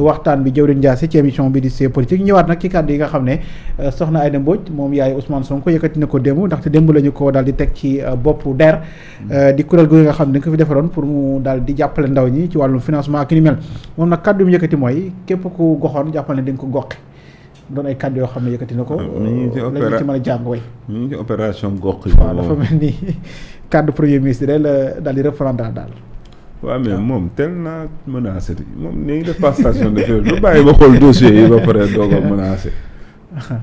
waxtaan bi jëwriñ Ndiassé ci émission bi di c'est politique ñëwaat nag ci kàddu yi nga xam ne euh, soxna Aïda Mbodj moom yaay Ousmane Sonko yëkkati na ko démb ndaxte démb la ñu ko daal di teg ci euh, bopp DER euh, di kuréel gu nga xam ne dañ ko fi defaroon pour mu daal di jàppale ndaw ñi ci wàllum financement ak ni mel moom nag kàddu yi yëkkati mooy képp ku goxoon jàppale ne dañ ko goqi doon ay kàddu yoo xam ne yëkkati na ko. Ah, ñu ngi ci opéra lañu ci mën jàng way. ñu ngi ci opération gox yi. waaw dafa mel ni kàddu premier ministre rek la daal di daal. waaw mais ah. moom tel naa menacé bi moom nañu def passation de faire lu bàyyi ba xool dossier yi ba pare doo ko menacé.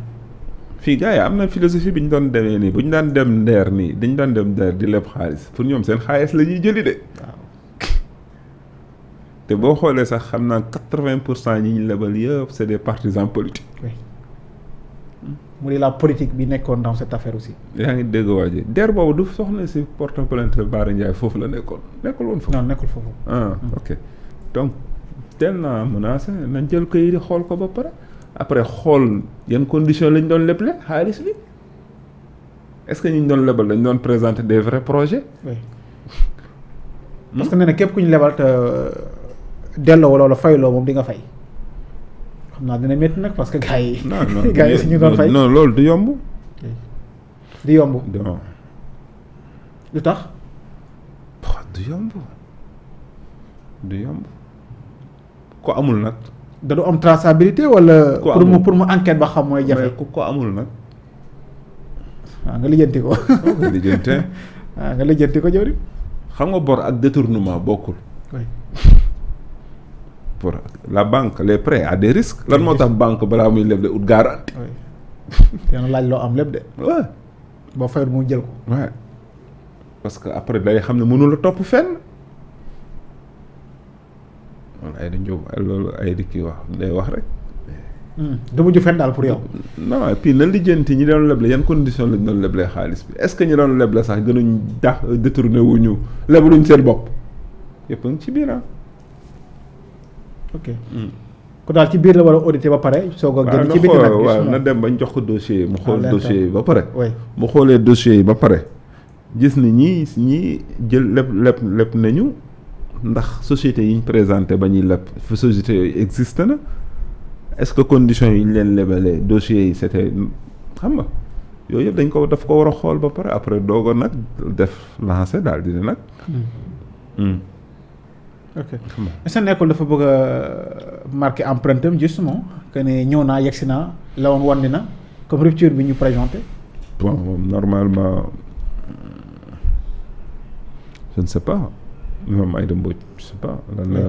fii gars yi am na philosophie bi ñu doon demee nii bu ñu daan dem ndeer nii dañu daan dem ndeer di leb xaalis pour ñoom seen xaalis la ñuy jëli de. te boo xoolee sax xam naa quatre-vingt pour cent ñi ñu lebal yëpp c'est des partisans politiques. Oui. mu di la politique bi nekkoon dans cette affaire aussi. yaa ngi dégg waa ji der boobu du soxna si porte plainte Bara Ndiaye foofu la nekkoon nekkul woon foofu. non nekkul foofu. ah mm. ok donc teel naa menacé nañ jël këyit yi xool ko ba pare après xool yan condition lañ doon leble xaalis bi est-ce que ñu doon lebal dañ doon présenter des vrais projets. Oui. Hmm? parce que nee képp ku ñu lebal te euh, delloo wala fayloo moom di nga fay. naa dina métti nag parce que gars yi. gars yi ñu doon fay non loolu du yomb. du yomb. non. lu tax. du yomb du yomb ko amul nag. da du am traçabilité wala. pour mu pour mu enquête ba xam mooy jafe. ku ko amul nag. waaw ah, nga lijjanti ko. Oh, nga lijjante. waaw ah, nga lijjanti ko jëwriñ. xam nga bor ak détournement bokkul. pour la banque les près à des risques lan moo tax banque balaa muy leb de ut garantie. dana laaj loo am lépp de. waaw. boo fayal mu jël ko. waaw que après day xam ne mënul a topp fenn. man ay loolu ay di kii wax day wax rek. Hmm. du mujj fenn daal pour yow. non et puis nan lijjanti ñi doon leble yan condition lañ leb leblee xaalis bi est-ce que ñi doon leble sax gënuñ tax détourné wuñu lebluñ seen bopp yëpp a ngi ci biir ah. ok hmm. ku daal ci biir la war a audité ba pare. soog a génn ci bitti na dem bañ jox ko dossier mu ah, xool dossier yi ba pare. mu xoolee dossier yi ba pare. gis ni ñi ñi jël lépp lépp lépp nañu ndax société yi ñu présenté ba ñuy lépp société yooyu existe na est-ce que conditions yi ñu leen lebalee dossiers yi c'était xam nga yooyu yëpp dañ ko daf ko war a xool ba pare après doog a nag def lancé daal di ne nag. Hmm. Hmm. ok nekkul dafa bëgg a marqué empreinte am justement que ne ñëw naa yegsi naa la woon wandi na comme rupture bi ñu présenté. bon normalement je ne sais pas moom Aïda Mbodj je pas la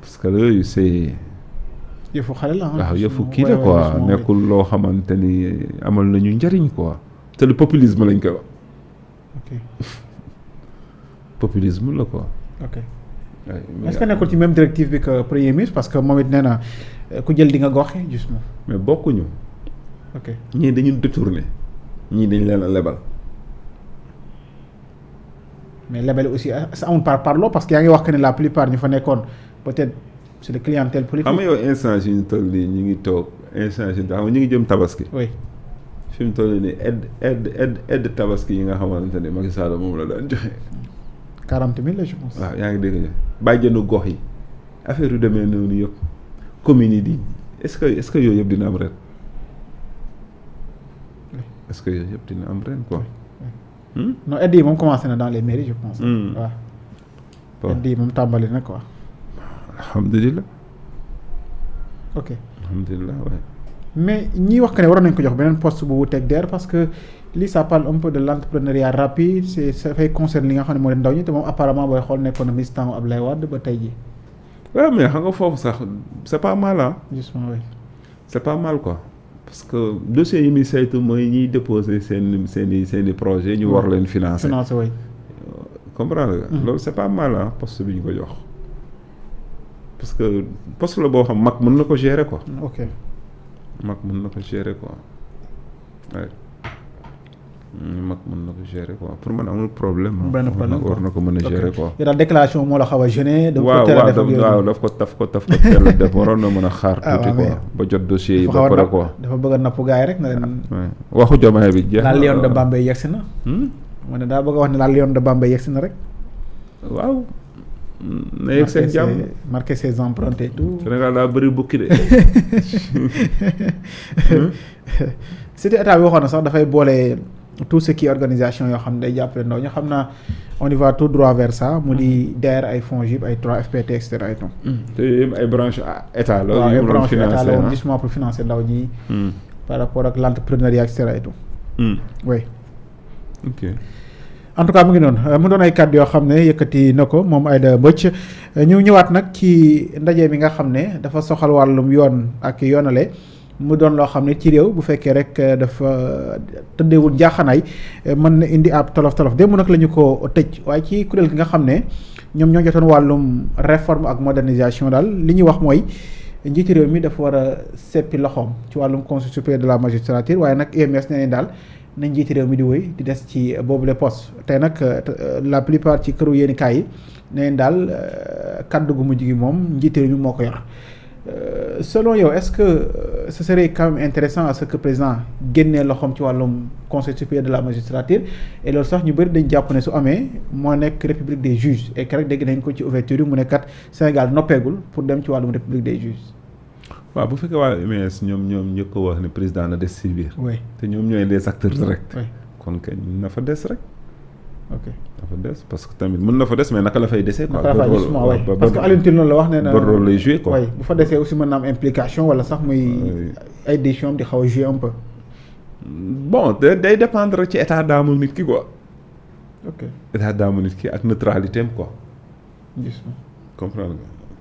parce que yooyu c'est. yëfu ah, kii la quoi nekkul loo xamante ni amal nañu njariñ quoi te le populisme lañ koy wax. ok la quoi. est-ce que nekkul ci même directive bi que premier ministre parce que moom it nee euh, ku jël di nga goxe justement mais bokkuñu. ok ñii dañu détourné ñii dañu leen lebal. mais lebal aussi sa euh, amul par parlo parce que yaa ngi wax que ne la plupart ñu fa nekkoon peut-être c'est la clientèle yow instance yu ñu toll nii ñu ngi toog instance yu ñu ngi jëm tabaski. oui fi mu toll nii aide aide aide aide tabaski yi nga xamante ne Macky Sall moom la daan quarante mille la waaw yaa ngi dégg bàjjenu gox yi affaire yu demee noonu yëpp communes yi di est-ce que est-ce que yooyu yëpp dina am ren. est que yooyu yëpp dina am ren ko hmm? non moom commencé na dans les mairies je pense. Hmm. waaw. bon moom tàmbali na quoi. alhamdulilah. ok mais ñi wax que ne waroon nañ ko jox beneen post bu wuteeg DER parce que lii ça parle un peu de l' entrepreneuriat rapide c' est ça li nga xam ne moo leen ndaw ñi te moom apparemment booy xool nekkoon na ministre temps Abdoulaye Wade ba tey jii. waaw mais xam nga foofu sax c' est pas mal ah. justement oui. c' pas mal quoi parce que dossier yi muy saytu mooy ñiy déposer seen seen i i projets ñu war leen financer. financer waay. comprendre nga. Mm-hmm. loolu c' est pas bi ñu ko jox parce que poste la boo xam mag mën na ko gérer quoi. ok. mag mën na ko gérer quoi waaye na ko gérer pour man amul problème. benn problème war na ko mën a gérer quoi. yow moo la xaw a gêné. ko teel a daf ko taf ko taf ko teel a waroon na mën a xaar. Ah, tuuti quoi ba jot dossier yi. ba pare quoi dafa bëgg a napp gars rek. na leen ah, waxu jomaay bi jeex na. la Lion de ah. Bambey yegsi na. mu hmm? ne daa bëgg a wax ne la Lion de Bambey yegsi na rek. waaw. na yegg seen jàmm marqué ses et tout. Sénégal daa bëri bukki de. Hmm? c'était état bi waxoon na sax dafay boole tout ce qui organisation yoo xam ne day jàppale ndaw ñu xam na on y va tout droit vers ça. mu di hmm. DER ay FONGIP ay 3FPT et cetera et tout. Hmm. te ay branche état la. waaw ay branche état la justement pour financer ndaw ñi. par rapport ak l'entrepreneuriat et cetera et en tout cas mu ngi noonu mu doon ay kàddu yoo xam ne yëkkati na ko moom Aïda Mbodj ñu ñëwaat nag ci ndaje mi nga xam ne dafa soxal wàllum yoon ak yoonale mu doon loo xam ne ci réew bu fekkee rek euh, dafa tëddeewul njaaxanaay euh, mën na indi ab tolof tolof démb nag la ñu ko tëj waaye ci kuréel gi nga xam ne ñoom ñoo jotoon wàllum réforme ak modernisation daal li ñuy wax mooy njiiti réew mi dafa war a seppi loxoom ci wàllum conseil supérieur de la magistrature waaye nag UMS e nee daal. na njiiti réew mi di wéy di des ci boobu boobule poste tey nag euh, euh, la plupart ci këru yéeni kaay yi neen daal euh, kaddu gu mujj gi moom njiiti réew mi moo ko yor selon yow est-ce que ce serait quand intéressant à ce que président génnee loxoom ci wàllum conseil supérieur de la magistrature et loolu sax ñu bëri dañ jàpp ne su amee moo nekk république des juges et que dégg nañ ko ci ouverture yi mu ne kat Sénégal noppeegul pour dem ci wàllum république des juges waaw bu fekkee waa MES ñoom ñoom ko wax ne président na des si biir. te ñoom ñooy les acteurs directs. kon kañ na fa des rek. ok na parce que tamit mën na fa des mais naka la fay desee. quoi la fay des parce que Alioune Tine noonu la wax nee na. bon rôle lay joué quoi. bu fa desee aussi mën na am implication wala sax muy. ay décisions di xaw a joué un peu. bon day dépendre ci état d'âme nit ki quoi. ok état d'âme nit ki ak neutralité am quoi. ko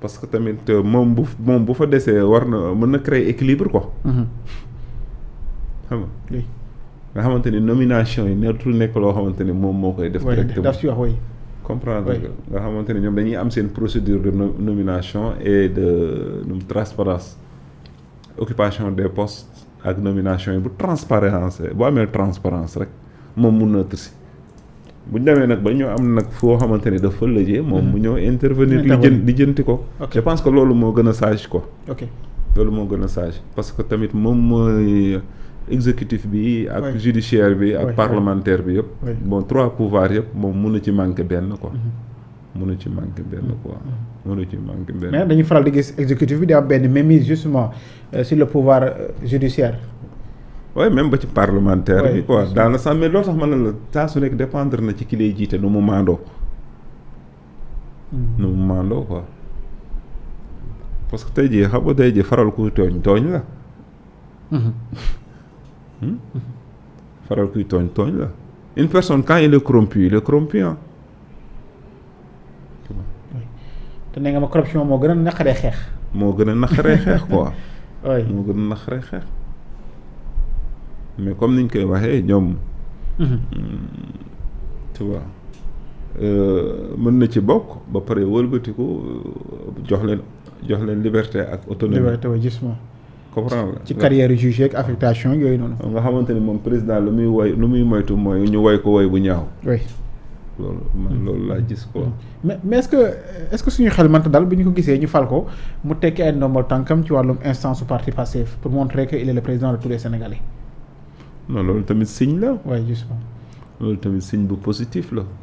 parce que tamit euh, moom bu moom bu fa desee war na mën na créer équilibre quoi. Mhm. nga. oui xamante ni nomination yi neetul nekk loo xamante ni moom moo koy. def directement daf ci wax nga xamante ni ñoom dañuy am seen procédure de nomination et de de transparence occupation des postes ak nomination yi bu transparence boo amee transparence rek moom mun na tësi. bu ñu demee nag ba ñoo am nag foo xamante ne dafa lëjee moom mu mm-hmm. ñëw intervenir li jën li jënti ko je que loolu moo gën a sage quoi loolu moo gën a sage parce que tamit moom mooy exécutif bi ak judiciaire bi ak parlementaire bi yëpp bon trois pouvoirs yëpp moom mënu ci manqué benn quoi mënu mm-hmm. ci manque benn mm-hmm. quoi mënu ci manqué benn mais dañu faral di gis exécutif bi di am benn mainmise justement euh, sur le pouvoir euh, judiciaire waaye même ba ci parlementaire bi quoi dans l'Assemblée loolu tax ma ne la saa su nekk dépendre na ci ki lay jiite nu mu maandoo hmm. nu mu maandoo quoi parce que tey jii xam nga tey jii faral kuy tooñ tooñ la hmm. Hmm? faral kuy tooñ tooñ la une personne quand il est corrompu il est corrompu ah nga ma corruption moo gën a naqaree xeex moo gën a naqaree xeex quoi moo gën a naqaree xeex mais comme niñ koy waxee ñoom. Mhm. Mm, tu vois euh, mën na ci bokk ba pare wëlbatiku euh, jox leen jox leen liberté ak autonomie. liberté wa gis ma. ci carrière jugé affectation yooyu noonu. nga xamante ni moom président lu muy woy lu muy moytu mooy ñu woy ko woy bu ñaaw. oui loolu man mhm. loolu laa gis quoi. Mhm. mais mais est-ce que est-ce que suñu xel mënta daal bu ñu ko gisee ñu fal ko mu tekki ay ndombal tànkam ci wàllum instance su parti pour montrer que il est le président de tous non loolu tamit signe la. waaw justement loolu tamit signe bu positif la.